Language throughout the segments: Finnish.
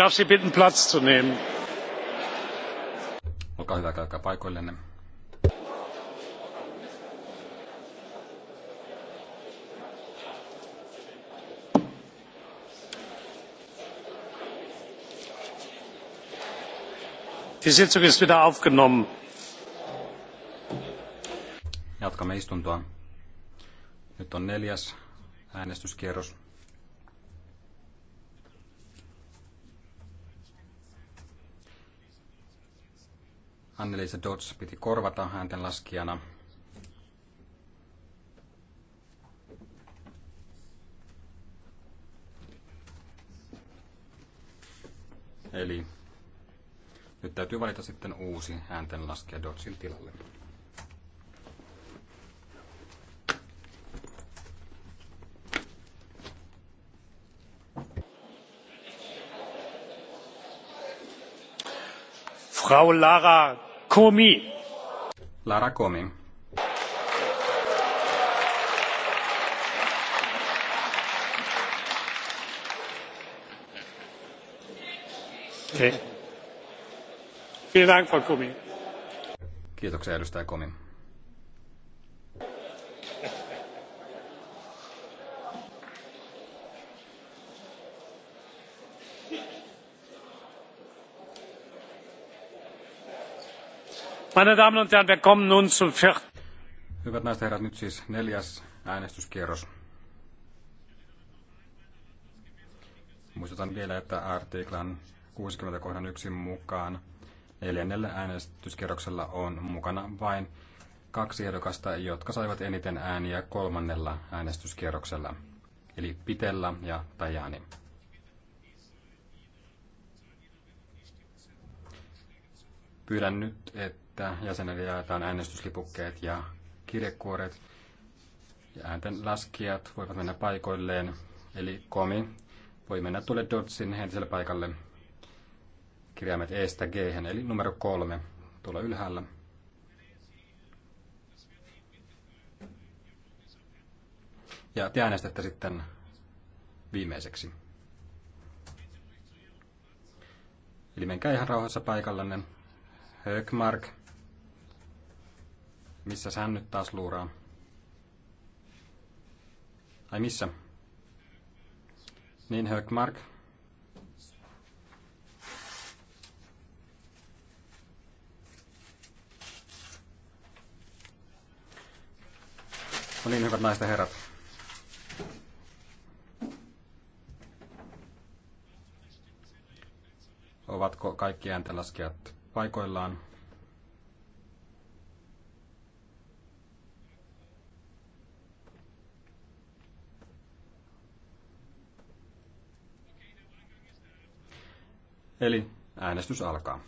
darf Sie bitten, Platz zu nehmen. Olkaa hyvä, käykää paikoillenne. Die Sitzung ist wieder aufgenommen. Jatkamme istuntoa. Nyt on neljäs äänestyskierros. Annelise Dodds piti korvata äänten laskijana. Eli nyt täytyy valita sitten uusi ääntenlaskija Dodsin tilalle. Frau Lara Komi, Lara komi. Comi. Kiitoksia edustaja Komi. Meine Damen und Herren, wir kommen nun zum vierten. Hyvät naiset herrat, nyt siis neljäs äänestyskierros. Muistutan vielä, että artiklan 60 kohdan 1 mukaan neljännellä äänestyskierroksella on mukana vain kaksi ehdokasta, jotka saivat eniten ääniä kolmannella äänestyskierroksella, eli Pitella ja Tajani. Pyydän nyt, että että jäsenille jaetaan äänestyslipukkeet ja kirjekuoret. Ja äänten laskijat voivat mennä paikoilleen, eli komi voi mennä tuolle Dodsin entiselle paikalle kirjaimet eestä g eli numero kolme tuolla ylhäällä. Ja te äänestätte sitten viimeiseksi. Eli menkää ihan rauhassa paikallanne. Högmark missä hän nyt taas luuraa? Ai missä? Niin, Högmark. No niin, hyvät naiset ja herrat. Ovatko kaikki ääntelaskijat paikoillaan? Eli äänestys alkaa.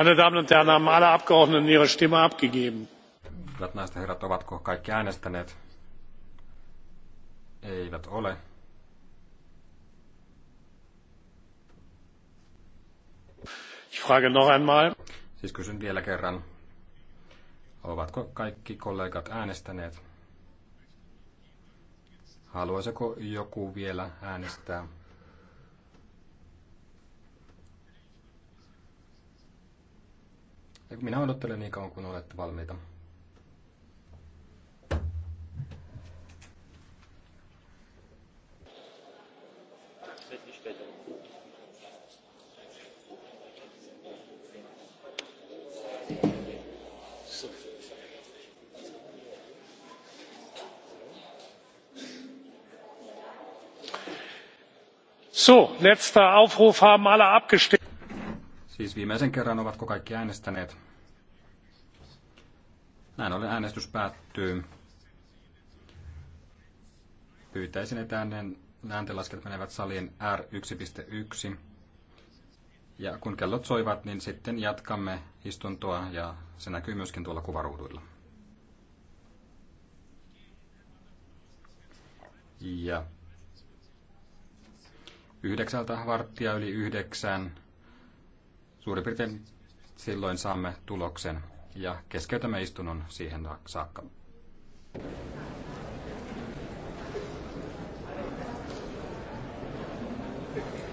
Meine Damen und Herren, haben alle Abgeordneten ihre Stimme abgegeben? Hyvät naiset ja herrat, ovatko kaikki äänestäneet? Eivät ole. Ich frage noch einmal. Siis kysyn vielä kerran. Ovatko kaikki kollegat äänestäneet? Haluaisiko joku vielä äänestää? minä odottelen niin kauan, kun olette valmiita. So, letzter Aufruf haben alle abgestimmt. Siis viimeisen kerran ovatko kaikki äänestäneet? Näin ollen äänestys päättyy. Pyytäisin, että äänen ääntenlasket menevät saliin R1.1. Ja kun kellot soivat, niin sitten jatkamme istuntoa ja se näkyy myöskin tuolla kuvaruuduilla. Ja yhdeksältä varttia yli yhdeksän Suurin piirtein silloin saamme tuloksen ja keskeytämme istunnon siihen saakka. Thank you.